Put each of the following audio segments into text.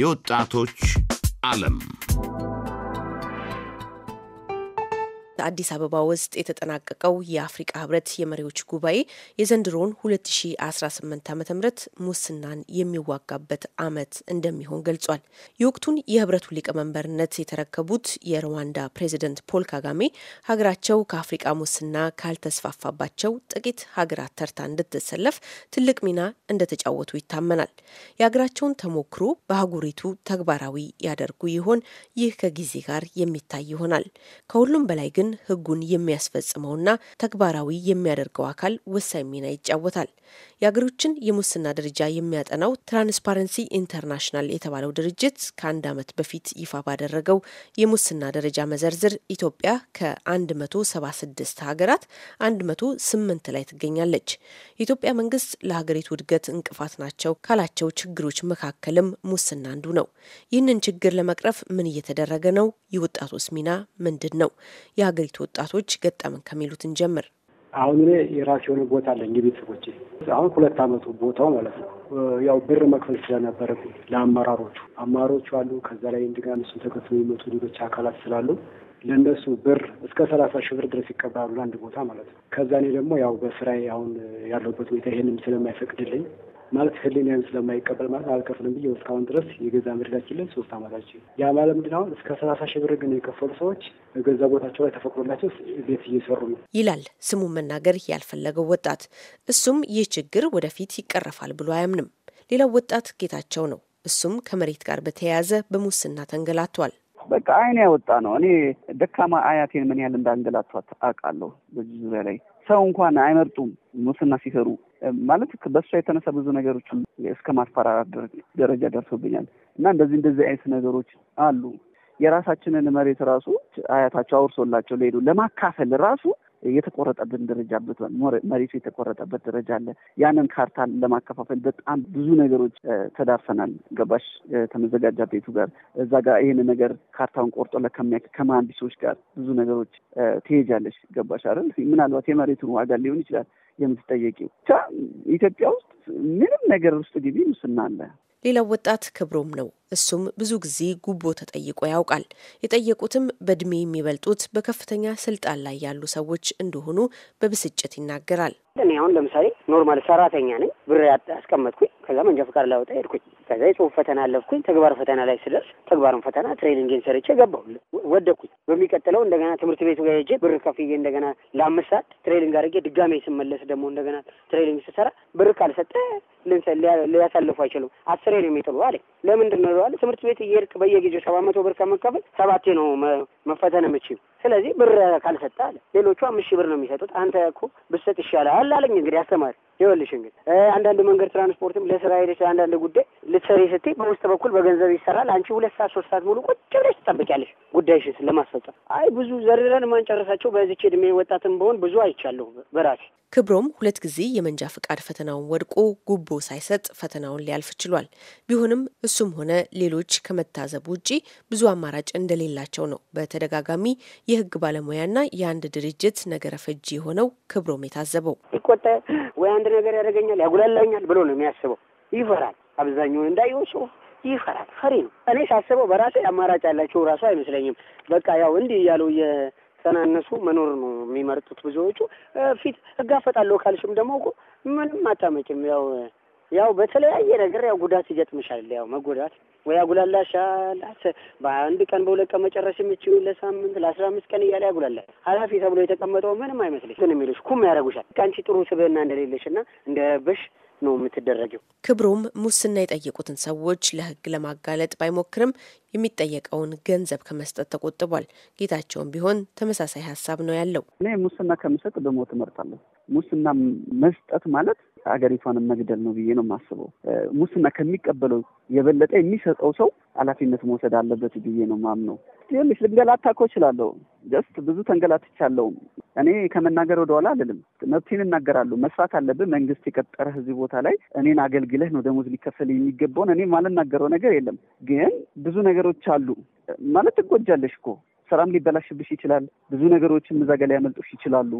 የወጣቶች ዓለም አዲስ አበባ ውስጥ የተጠናቀቀው የአፍሪቃ ህብረት የመሪዎች ጉባኤ የዘንድሮውን 2018 ዓ ም ሙስናን የሚዋጋበት አመት እንደሚሆን ገልጿል። የወቅቱን የህብረቱ ሊቀመንበርነት የተረከቡት የሩዋንዳ ፕሬዚደንት ፖል ካጋሜ ሀገራቸው ከአፍሪቃ ሙስና ካልተስፋፋባቸው ጥቂት ሀገራት ተርታ እንድትሰለፍ ትልቅ ሚና እንደተጫወቱ ይታመናል። የሀገራቸውን ተሞክሮ በአህጉሪቱ ተግባራዊ ያደርጉ ይሆን? ይህ ከጊዜ ጋር የሚታይ ይሆናል። ከሁሉም በላይ ግን ግን ህጉን የሚያስፈጽመውና ተግባራዊ የሚያደርገው አካል ወሳኝ ሚና ይጫወታል። የአገሮችን የሙስና ደረጃ የሚያጠናው ትራንስፓረንሲ ኢንተርናሽናል የተባለው ድርጅት ከአንድ ዓመት በፊት ይፋ ባደረገው የሙስና ደረጃ መዘርዝር ኢትዮጵያ ከ176 ሀገራት 108 ላይ ትገኛለች። የኢትዮጵያ መንግስት ለሀገሪቱ እድገት እንቅፋት ናቸው ካላቸው ችግሮች መካከልም ሙስና አንዱ ነው። ይህንን ችግር ለመቅረፍ ምን እየተደረገ ነው? የወጣቱስ ሚና ምንድን ነው? የሀገሪቱ ወጣቶች ገጠምን ከሚሉትን ጀምር። አሁን እኔ የራሱ የሆነ ቦታ አለኝ የቤተሰቦቼ አሁን ሁለት አመቱ ቦታው ማለት ነው። ያው ብር መክፈል ስለነበረብኝ ለአመራሮቹ አመራሮቹ አሉ። ከዛ ላይ እንደገና እነሱን ተከትሎ የሚመጡ ሌሎች አካላት ስላሉ ለእነሱ ብር እስከ ሰላሳ ሺህ ብር ድረስ ይቀበላሉ አንድ ቦታ ማለት ነው። ከዛ እኔ ደግሞ ያው በስራዬ አሁን ያለበት ሁኔታ ይሄንም ስለማይፈቅድልኝ ማለት ህሊናን ስለማይቀበል ማለት አልከፍልም ብዬ እስካሁን ድረስ የገዛ ምድዳችን ሶስት አመታችን ያ ማለት ምንድን ነው? እስከ ሰላሳ ሺህ ብር ግን የከፈሉ ሰዎች በገዛ ቦታቸው ላይ ተፈቅዶላቸው ቤት እየሰሩ ነው ይላል ስሙ መናገር ያልፈለገው ወጣት። እሱም ይህ ችግር ወደፊት ይቀረፋል ብሎ አያምንም። ሌላው ወጣት ጌታቸው ነው። እሱም ከመሬት ጋር በተያያዘ በሙስና ተንገላቷል። በቃ አይን ያወጣ ነው። እኔ ደካማ አያቴን ምን ያህል እንዳንገላቷት አውቃለሁ። በዚህ ዙሪያ ላይ ሰው እንኳን አይመርጡም ሙስና ሲሰሩ ማለት በእሷ የተነሳ ብዙ ነገሮችን እስከ ማስፈራራት ደረጃ ደርሶብኛል እና እንደዚህ እንደዚህ አይነት ነገሮች አሉ። የራሳችንን መሬት ራሱ አያታቸው አውርሶላቸው ሊሄዱ ለማካፈል ራሱ የተቆረጠብን ደረጃ መሬቱ የተቆረጠበት ደረጃ አለ። ያንን ካርታ ለማከፋፈል በጣም ብዙ ነገሮች ተዳርሰናል። ገባሽ? ከመዘጋጃ ቤቱ ጋር እዛ ጋር ይህን ነገር ካርታውን ቆርጦ ለከሚያ ከመሀንዲሶች ጋር ብዙ ነገሮች ትሄጃለሽ። ገባሽ አይደል? ምናልባት የመሬቱን ዋጋ ሊሆን ይችላል የምትጠየቂው። ብቻ ኢትዮጵያ ውስጥ ምንም ነገር ውስጥ ግቢ ሙስና አለ። ሌላው ወጣት ክብሮም ነው። እሱም ብዙ ጊዜ ጉቦ ተጠይቆ ያውቃል። የጠየቁትም በእድሜ የሚበልጡት በከፍተኛ ስልጣን ላይ ያሉ ሰዎች እንደሆኑ በብስጭት ይናገራል። እኔ አሁን ለምሳሌ ኖርማል ሰራተኛ ነኝ። ብር አስቀመጥኩኝ፣ ከዛ መንጃ ፈቃድ ላወጣ ሄድኩኝ። ከዛ የጽሁፍ ፈተና አለፍኩኝ። ተግባር ፈተና ላይ ስደርስ ተግባርን ፈተና ትሬኒንግን ሰርቼ ገባሁ፣ ወደኩኝ። በሚቀጥለው እንደገና ትምህርት ቤቱ ጋር ሄጄ ብር ከፍዬ እንደገና ለአምስት ሰዓት ትሬኒንግ አድርጌ ድጋሜ ስመለስ ደግሞ እንደገና ትሬኒንግ ስሰራ ብር ካልሰጠ ሊያሳልፉ አይችሉም፣ አስሬ ነው የሚጥሉ አለ። ለምንድን ነው ይለዋል። ትምህርት ቤት እየሄድክ በየጊዜው ሰባት መቶ ብር ከመከፈል ሰባቴ ነው መፈተን የምችል ስለዚህ ብር ካልሰጠህ አለ ሌሎቹ አምስት ሺህ ብር ነው የሚሰጡት። አንተ እኮ ብትሰጥ ይሻላል አለኝ። እንግዲህ አስተማሪ ይኸውልሽ እንግዲህ አንዳንድ መንገድ ትራንስፖርትም ለስራ ሄደሽ አንዳንድ ጉዳይ ልትሰሪ ስትይ በውስጥ በኩል በገንዘብ ይሰራል። አንቺ ሁለት ሰዓት ሶስት ሰዓት ሙሉ ቁጭ ብለሽ ትጠብቂያለሽ ጉዳይሽን ለማስፈጸም። አይ ብዙ ዘርረን ማንጨርሳቸው በዚች እድሜ ወጣትም በሆን ብዙ አይቻለሁ በራሴ። ክብሮም ሁለት ጊዜ የመንጃ ፈቃድ ፈተናውን ወድቆ ጉቦ ሳይሰጥ ፈተናውን ሊያልፍ ችሏል። ቢሆንም እሱም ሆነ ሌሎች ከመታዘብ ውጪ ብዙ አማራጭ እንደሌላቸው ነው በተደጋጋሚ የህግ ባለሙያና የአንድ ድርጅት ነገረ ፈጅ የሆነው ክብሮም የታዘበው ይቆጠ ወይ አንድ ነገር ያደርገኛል ያጉላላኛል ብሎ ነው የሚያስበው። ይፈራል። አብዛኛው እንዳየው ሰው ይፈራል። ፈሪ ነው። እኔ ሳስበው በራሴ አማራጭ ያላቸው ራሱ አይመስለኝም። በቃ ያው እንዲህ እያሉ የተናነሱ መኖር ነው የሚመርጡት ብዙዎቹ። ፊት እጋፈጣለሁ ካልሽም ደግሞ ምንም አታመጭም ያው ያው በተለያየ ነገር ያው ጉዳት ይገጥምሻል። ያው መጎዳት ወይ ያጉላላሻል። በአንድ ቀን በሁለት ቀን መጨረስ የምችሉ ለሳምንት ለአስራ አምስት ቀን እያለ ያጉላላል። ኃላፊ ተብሎ የተቀመጠው ምንም አይመስልሽ ግን የሚሉሽ ኩም ያደረጉሻል። ከአንቺ ጥሩ ስብህና እንደሌለሽ እና እንደረበሽ ነው የምትደረገው። ክብሩም ሙስና የጠየቁትን ሰዎች ለህግ ለማጋለጥ ባይሞክርም የሚጠየቀውን ገንዘብ ከመስጠት ተቆጥቧል። ጌታቸውም ቢሆን ተመሳሳይ ሀሳብ ነው ያለው። እኔ ሙስና ከምሰጥ በሞት እመርጣለሁ። ሙስና መስጠት ማለት ሀገሪቷንም መግደል ነው ብዬ ነው የማስበው። ሙስና ከሚቀበለው የበለጠ የሚሰጠው ሰው ኃላፊነት መውሰድ አለበት ብዬ ነው ማምነው። ትንሽ ልንገላታ እኮ እችላለሁ። ጀስት ብዙ ተንገላትቻለሁም። እኔ ከመናገር ወደኋላ አልልም። መብቴን እናገራለሁ። መስራት አለብህ። መንግስት የቀጠረህ እዚህ ቦታ ላይ እኔን አገልግለህ ነው ደሞዝ ሊከፈል የሚገባውን። እኔ ማልናገረው ነገር የለም። ግን ብዙ ነገሮች አሉ ማለት ትጎጃለሽ እኮ ስራም ሊበላሽብሽ ይችላል። ብዙ ነገሮችም እዛ ጋ ሊያመልጡሽ ይችላሉ።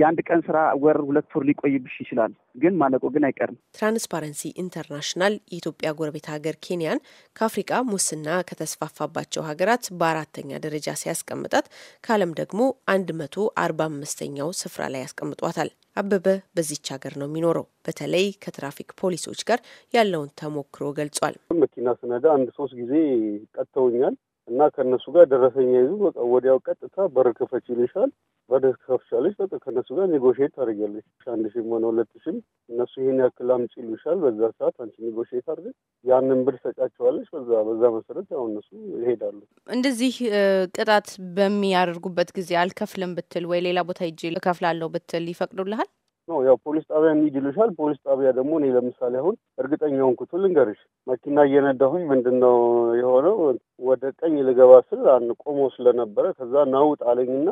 የአንድ ቀን ስራ ወር፣ ሁለት ወር ሊቆይብሽ ይችላል። ግን ማለቆ ግን አይቀርም። ትራንስፓረንሲ ኢንተርናሽናል የኢትዮጵያ ጎረቤት ሀገር ኬንያን ከአፍሪቃ ሙስና ከተስፋፋባቸው ሀገራት በአራተኛ ደረጃ ሲያስቀምጣት ከዓለም ደግሞ አንድ መቶ አርባ አምስተኛው ስፍራ ላይ ያስቀምጧታል። አበበ በዚች ሀገር ነው የሚኖረው። በተለይ ከትራፊክ ፖሊሶች ጋር ያለውን ተሞክሮ ገልጿል። መኪና ስነዳ አንድ ሶስት ጊዜ ቀጥተውኛል። እና ከእነሱ ጋር ደረሰኛ ይዙ በቃ ወዲያው ቀጥታ በር ክፈች ይልሻል። በር ከፍቻለች በቃ ከእነሱ ጋር ኔጎሽት ታደርጊያለሽ። አንድ ሺም ሆነ ሁለት ሺም እነሱ ይህን ያክል አምጪ ይሉሻል። በዛ ሰዓት አንቺ ኔጎሽት አድርገሽ ያንን ብር ሰጫቸዋለች። በዛ በዛ መሰረት ያው እነሱ ይሄዳሉ። እንደዚህ ቅጣት በሚያደርጉበት ጊዜ አልከፍልም ብትል ወይ ሌላ ቦታ ሂጅ እከፍላለሁ ብትል ይፈቅዱልሃል? ነው። ያው ፖሊስ ጣቢያ እንሂድ ይሉሻል። ፖሊስ ጣቢያ ደግሞ እኔ ለምሳሌ አሁን እርግጠኛ ሆንኩት ልንገርሽ፣ መኪና እየነዳሁኝ ምንድን ነው የሆነው ወደ ቀኝ ልገባ ስል አን ቆሞ ስለነበረ ከዛ ናውጥ አለኝና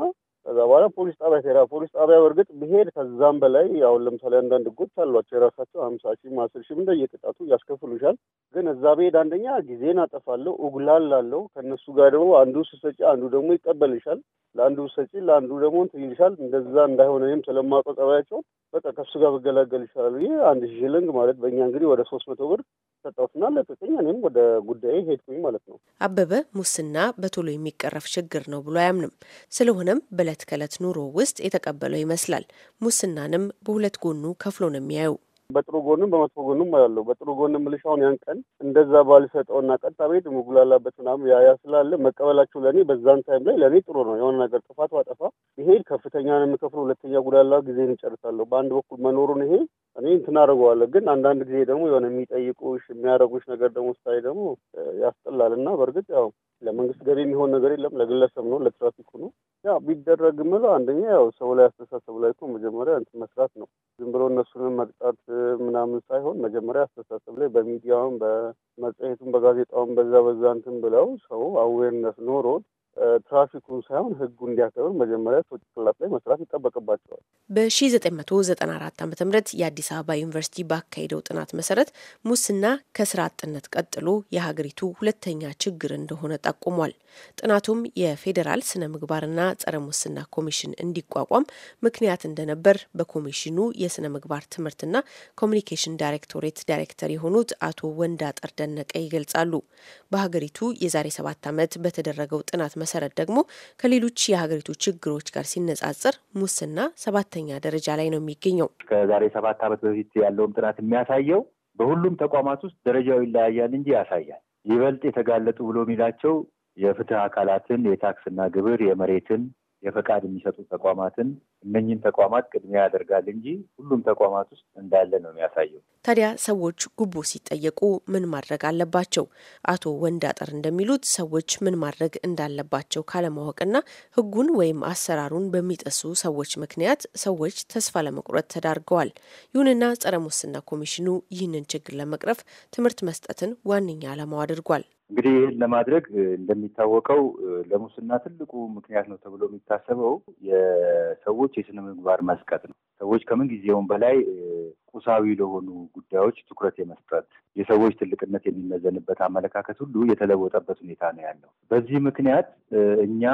ከዛ በኋላ ፖሊስ ጣቢያ ቴራ ፖሊስ ጣቢያ በእርግጥ ብሄድ ከዛም በላይ አሁን ለምሳሌ አንዳንድ ህጎች አሏቸው የራሳቸው ሀምሳ ሺህ አስር ሺህ እንደየቅጣቱ ያስከፍሉሻል። ግን እዛ ብሄድ አንደኛ ጊዜን አጠፋለሁ፣ ኡጉላላለሁ። ከእነሱ ጋር ደግሞ አንዱ ስሰጪ አንዱ ደግሞ ይቀበልሻል። ለአንዱ ሰጪ ለአንዱ ደግሞ እንትን ይልሻል። እንደዛ እንዳይሆነ እኔም ስለማውቀው ጸባያቸውን በቃ ከሱ ጋር ብገላገል ይሻላል። ይህ አንድ ሽሽልንግ ማለት በእኛ እንግዲህ ወደ ሶስት መቶ ብር ሰጠሁትና ለቀቀኝ። እኔም ወደ ጉዳይ ሄድኩኝ ማለት ነው። አበበ ሙስና በቶሎ የሚቀረፍ ችግር ነው ብሎ አያምንም። ስለሆነም በእለት ከእለት ኑሮ ውስጥ የተቀበለው ይመስላል። ሙስናንም በሁለት ጎኑ ከፍሎ ነው የሚያየው። በጥሩ ጎንም በመጥፎ ጎንም አያለው። በጥሩ ጎንም ልሻውን ያን ቀን እንደዛ እና ቀጣ ቤት ምጉላላበት ምናምን ያያ ስላለ መቀበላቸው ለእኔ በዛን ታይም ላይ ለእኔ ጥሩ ነው። የሆነ ነገር ጥፋት ባጠፋ ይሄ ከፍተኛ ነው የምከፍለው፣ ሁለተኛ ጉዳላ ጊዜን ይጨርሳለሁ። በአንድ በኩል መኖሩን ይሄ እኔ እንትን አደርገዋለሁ ግን አንዳንድ ጊዜ ደግሞ የሆነ የሚጠይቁሽ የሚያደርጉሽ ነገር ደግሞ ስታይ ደግሞ ያስጠላል። እና በእርግጥ ያው ለመንግስት ገቢ የሚሆን ነገር የለም፣ ለግለሰብ ነው፣ ለትራፊኩ ነው። ያ ቢደረግ ምለ አንደኛ ያው ሰው ላይ አስተሳሰብ ላይ እኮ መጀመሪያ እንትን መስራት ነው። ዝም ብሎ እነሱንም መቅጣት ምናምን ሳይሆን መጀመሪያ አስተሳሰብ ላይ በሚዲያውም፣ በመጽሔቱም፣ በጋዜጣውም በዛ በዛ እንትን ብለው ሰው አዌርነስ ኖሮት ትራፊኩን ሳይሆን ህጉ እንዲያከብር መጀመሪያ ሰዎች ፍላት ላይ መስራት ይጠበቅባቸዋል። በ1994 ዓ ም የአዲስ አበባ ዩኒቨርሲቲ ባካሄደው ጥናት መሰረት ሙስና ከስራ አጥነት ቀጥሎ የሀገሪቱ ሁለተኛ ችግር እንደሆነ ጠቁሟል። ጥናቱም የፌዴራል ስነ ምግባርና ጸረ ሙስና ኮሚሽን እንዲቋቋም ምክንያት እንደነበር በኮሚሽኑ የስነ ምግባር ትምህርትና ኮሚኒኬሽን ዳይሬክቶሬት ዳይሬክተር የሆኑት አቶ ወንዳጠር ደነቀ ይገልጻሉ። በሀገሪቱ የዛሬ ሰባት ዓመት በተደረገው ጥናት መሰረት ደግሞ ከሌሎች የሀገሪቱ ችግሮች ጋር ሲነጻጸር ሙስና ሰባተኛ ደረጃ ላይ ነው የሚገኘው። ከዛሬ ሰባት ዓመት በፊት ያለውን ጥናት የሚያሳየው በሁሉም ተቋማት ውስጥ ደረጃው ይለያያል እንጂ ያሳያል። ይበልጥ የተጋለጡ ብሎ የሚላቸው የፍትህ አካላትን የታክስና ግብር፣ የመሬትን፣ የፈቃድ የሚሰጡ ተቋማትን እነኝን ተቋማት ቅድሚያ ያደርጋል እንጂ ሁሉም ተቋማት ውስጥ እንዳለ ነው የሚያሳየው። ታዲያ ሰዎች ጉቦ ሲጠየቁ ምን ማድረግ አለባቸው? አቶ ወንዳጠር እንደሚሉት ሰዎች ምን ማድረግ እንዳለባቸው ካለማወቅና ሕጉን ወይም አሰራሩን በሚጠሱ ሰዎች ምክንያት ሰዎች ተስፋ ለመቁረጥ ተዳርገዋል። ይሁንና ጸረ ሙስና ኮሚሽኑ ይህንን ችግር ለመቅረፍ ትምህርት መስጠትን ዋነኛ ዓላማው አድርጓል። እንግዲህ ይህን ለማድረግ እንደሚታወቀው ለሙስና ትልቁ ምክንያት ነው ተብሎ የሚታሰበው የሰዎች የስነ ምግባር መስቀጥ ነው። ሰዎች ከምን ጊዜውም በላይ ቁሳዊ ለሆኑ ጉዳዮች ትኩረት የመስጠት የሰዎች ትልቅነት የሚመዘንበት አመለካከት ሁሉ የተለወጠበት ሁኔታ ነው ያለው። በዚህ ምክንያት እኛ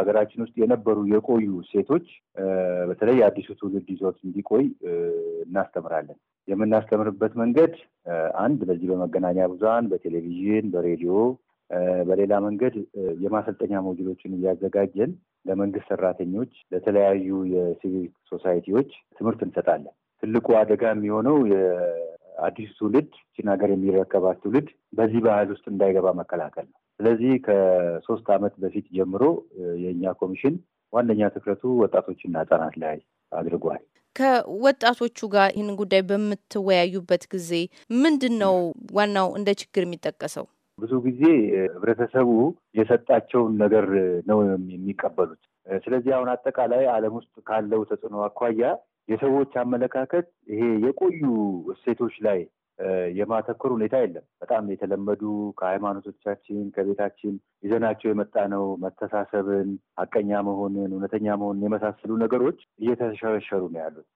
አገራችን ውስጥ የነበሩ የቆዩ ሴቶች በተለይ አዲሱ ትውልድ ይዞት እንዲቆይ እናስተምራለን። የምናስተምርበት መንገድ አንድ በዚህ በመገናኛ ብዙሃን በቴሌቪዥን፣ በሬዲዮ በሌላ መንገድ የማሰልጠኛ ሞጁሎችን እያዘጋጀን ለመንግስት ሰራተኞች፣ ለተለያዩ የሲቪል ሶሳይቲዎች ትምህርት እንሰጣለን። ትልቁ አደጋ የሚሆነው የአዲስ ትውልድ ችን ሀገር የሚረከባት ትውልድ በዚህ ባህል ውስጥ እንዳይገባ መከላከል ነው። ስለዚህ ከሶስት ዓመት በፊት ጀምሮ የእኛ ኮሚሽን ዋነኛ ትኩረቱ ወጣቶችና ህጻናት ላይ አድርጓል። ከወጣቶቹ ጋር ይህንን ጉዳይ በምትወያዩበት ጊዜ ምንድን ነው ዋናው እንደ ችግር የሚጠቀሰው? ብዙ ጊዜ ህብረተሰቡ የሰጣቸውን ነገር ነው የሚቀበሉት። ስለዚህ አሁን አጠቃላይ ዓለም ውስጥ ካለው ተጽዕኖ አኳያ የሰዎች አመለካከት ይሄ የቆዩ እሴቶች ላይ የማተኮር ሁኔታ የለም። በጣም የተለመዱ ከሃይማኖቶቻችን ከቤታችን ይዘናቸው የመጣ ነው። መተሳሰብን፣ ሀቀኛ መሆንን፣ እውነተኛ መሆንን የመሳሰሉ ነገሮች እየተሸረሸሩ ነው ያሉት።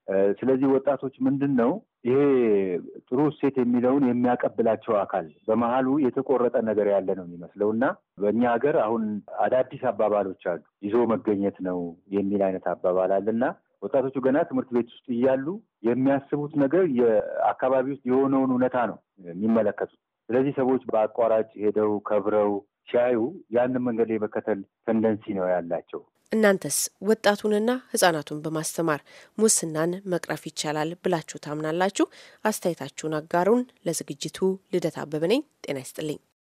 ስለዚህ ወጣቶች ምንድን ነው ይሄ ጥሩ እሴት የሚለውን የሚያቀብላቸው አካል በመሀሉ የተቆረጠ ነገር ያለ ነው የሚመስለው እና በእኛ ሀገር አሁን አዳዲስ አባባሎች አሉ። ይዞ መገኘት ነው የሚል አይነት አባባል አለ እና ወጣቶቹ ገና ትምህርት ቤት ውስጥ እያሉ የሚያስቡት ነገር የአካባቢ ውስጥ የሆነውን እውነታ ነው የሚመለከቱት። ስለዚህ ሰዎች በአቋራጭ ሄደው ከብረው ሲያዩ ያንን መንገድ የመከተል ተንደንሲ ነው ያላቸው። እናንተስ ወጣቱንና ህጻናቱን በማስተማር ሙስናን መቅረፍ ይቻላል ብላችሁ ታምናላችሁ? አስተያየታችሁን አጋሩን። ለዝግጅቱ ልደት አበበ ነኝ። ጤና ይስጥልኝ።